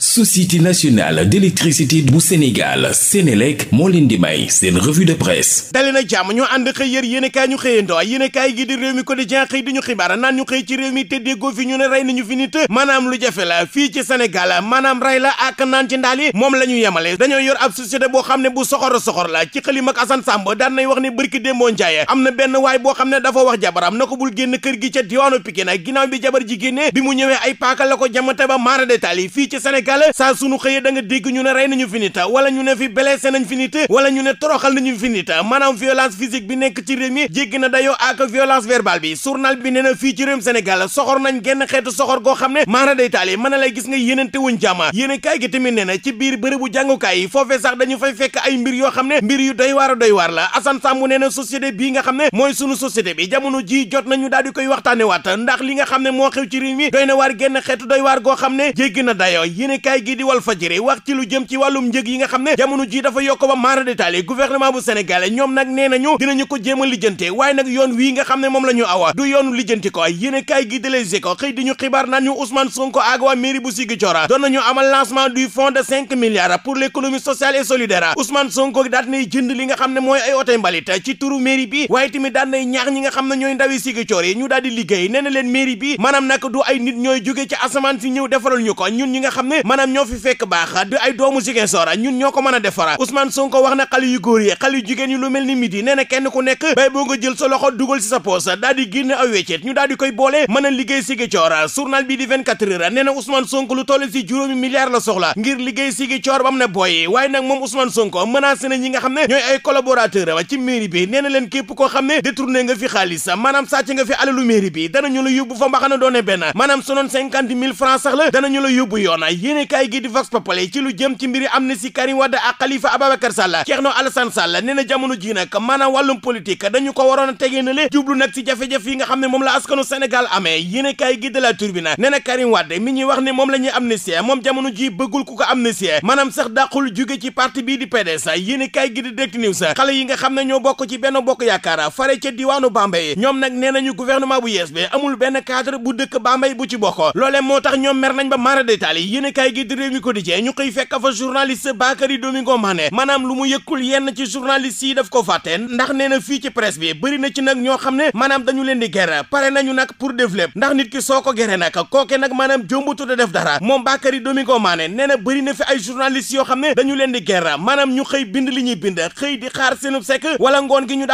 société nationale d'électricité bu Sénégal Sénélec moo leen di may seen revue de presse dali na jàmm ñoo ànd xëy yër yéen i kaay ñu xëyandoo yéen i kaay gi di réew mi quotidien xëy di ñu xibaar naan ñu xëy ci réew mi te fi ñu ne rey nañu fi nit maanaam lu jafe la fii ci Sénégal maanaam rey la ak naan ci ndaal yi moom la ñu yemale dañoo yor ab société boo xam ne bu soxor soxor la ci xalim a Assane Samb daan wax ne bërki démboo njaaye am na benn waay boo xam ne dafa wax jabaram na ko bul génn kër gi ca diwaanu Pikine ginnaaw jabar ji génnee bi mu ñëwee ay paaka la ko jamante ba maara détail yi fii sénégalais saa sunu xëyee da nga dégg ñu ne rey nañu fi nit wala ñu ne fi blessé nañ fi nit wala ñu ne toroxal nañu fi nit maanaam violence physique bi nekk ci réew mi jéggi na dayoo ak violence verbale bi journal bi nee na fii ci réewum Sénégal soxor nañ genn xeetu soxor goo xam ne maana day taali mën na lay gis nga yéenante wuñ jàmma yéene kaay gi tamit nee ci biir bërëbu jàngukaay yi foofee sax dañu fay fekk ay mbir yoo xam ne mbir yu doy waar a doy waar la Assane Samb nee na société bii nga xam ne mooy sunu société bi jamono ji jot nañu daal di koy waxtaane waat ndax li nga xam ne moo xew ci réew mi doy na waar genn xeetu doy waar goo na dayoo yéenekaay gi di Walf Fadjri wax ci lu jëm ci wàllum njëg yi nga xam ne jamono ji dafa yokk ba maara détaali gouvernement bu Sénégal ñoom nag nee nañu dinañu ko jéem a lijjante waaye nag yoon wii nga xam ne moom la ñu awa du yoonu lijjanti ko yéenekaay gi di Les Échos xëy di ñu xibaar naan ñu Ousmane Sonko ak waa mairie bu Ziguinchor doon nañu amal lancement du fonds de cinq milliards pour l'économie sociale et solidaire Ousmane Sonko daat nay jënd li nga xam ne mooy ay oto mbalit ci turu mairie bi waaye tamit daat nay ñaax ñi nga xam ne ñooy ndawi Ziguinchor yi ñu daal di liggéey nee leen mairie bi maanaam nag du ay nit ñooy jóge ci asamaan si ñëw defaral ñu ko ñun ñi nga xam maanaam ñoo fi fekk baax du ay doomu Ziguinchor ñun ñoo ko mën a defara Ousmane Sonko wax na xale yu góor yi xale jigéen yu lu mel ni midi nee na kenn ku nekk bay boo nga jël sa loxo dugal ci sa poos daal di génne aw weccet ñu daal di koy boole mën a liggéey Ziguinchor journal bi di 24 heures nee na Ousmane Sonko lu toll ci juróomi milliards la soxla ngir liggéey Ziguinchor bam ne booy waaye nag moom Ousmane Sonko menacé na ñi nga xam ne ñooy ay collaborateur wa ci mairie bi leen képp koo xam ne détourné nga fi xaalis maanaam sàcc nga fi alalu mairie bi danañu la yóbbu fa mbaxana doone benn maanaam sonoon cinquante mille francs sax la danañu la yóbbu yoona yéene kaay gi di vox populi ci lu jëm ci mbiri amnistie Karim Wade ak Khalifa Ababacar Sall Thierno Alassane Sall nee na jamono ji nag maanaam wàllum politique dañu ko waroon a tegee na jublu nag ci jafe-jafe yi nga xam ne moom la askanu Sénégal amee yéene kaay gi de la Tribune nee na Karim Wade mi ñuy wax ne moom la ñuy amnistie moom jamono ji bëggul ku ko amnistie maanaam sax dàqul juge ci parti bii di PDS yéene kaay gi di Direct News xale yi nga xam ne ñoo bokk ci benn bokk yaakaar fare ca diwaanu Bambey ñoom nag nee nañu gouvernement bu yees bi amul benn cadre bu dëkk Bambey bu ci bokk loolee moo tax ñoom mer nañ ba mara détail kaay gi di Rewmi Quotidien ñu koy fekk fa journaliste Bakary Domingo Mané maanaam lu mu yëkkul yenn ci journaliste yi daf ko fàtte ndax nee fii ci presse bi bëri ci nag ñoo xam ne maanaam dañu leen di gere pare nañu nag pour développer ndax nit ki soo ko gere nag kooke nag maanaam jombutu da def dara moom Bakary Domingo Mané nee na fi ay journaliste yoo xam ne dañu leen di gere maanaam ñu xëy bind li ñuy bind xëy di xaar seenub sekk wala ngoon gi ñu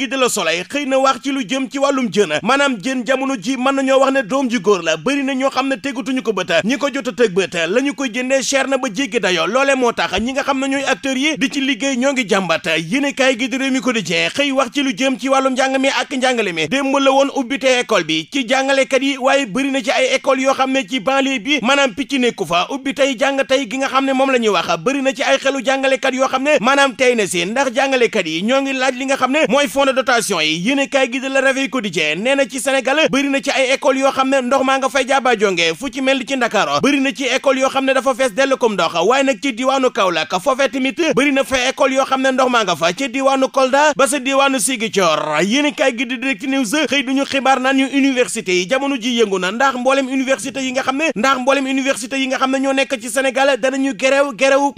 gi di la Soleil xëy na wax ci lu jëm ci wàllum jën maanaam jën jamono ji mën nañoo wax ne doom ji góor la bëri na ñoo xam ne tegutuñu ko bët ñi ko jot a teg bët la ñu koy jëndee na ba jéggi dayoo loolee moo tax ñi nga xam na ñooy acteurs yi di ci liggéey ñoo ngi jàmbat yéene kaay gi di réew mi quotidien xëy wax ci lu jëm ci wàllum njàng mi ak njàngale mi démb la woon ubbite école bi ci jàngalekat yi waaye bëri na ci ay école yoo xam ne ci banlieue bi maanaam picc nekku fa ubbi tey jàng tey gi nga xam ne moom la ñuy wax bëri na ci ay xelu jàngalekat yoo xam ne maanaam tey na si ndax jàngalekat yi ñoo ngi laaj de dotation yi yéen kaay gi de la Réveil Quotidien nee na ci Sénégal bëri na ci ay école yoo xam ne ndox maa nga fay jaaba jonge fu ci mel ni ci Ndakaaru bëri na ci école yoo xam ne dafa fees dell comme ndox ndox maa nga fa ci diwaanu Kolda ba sa diwaanu Ziguinchor yéen kaay gi di Direct News xëy duñu xibaar naan ñu université yi jamono ji yëngu na ndax mboolem université yi nga xam ne ndax mboolem université yi nga xam ne ñoo nekk ci Sénégal danañu gerew gerew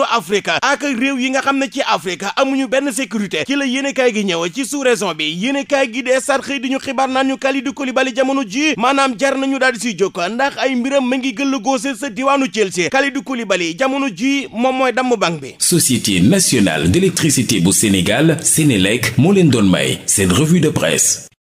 indo afrique ak réew yi nga xam ne ci afrique amuñu benn sécurité ci la yéenekaay gi ñëw ci sous-région bi yéenekaay gi dee sar xëy di ñu xibaar naan ñu Kalidou Koulibaly jamono ji maanaam jar nañu daal di si jóg ndax ay mbiram ma ngi gëll góose sa diwaanu Chelsea Kalidou Koulibaly jamono ji moom mooy damm bank bi société nationale d'électricité bu Sénégal Sénélec moo leen doon may seen revue de presse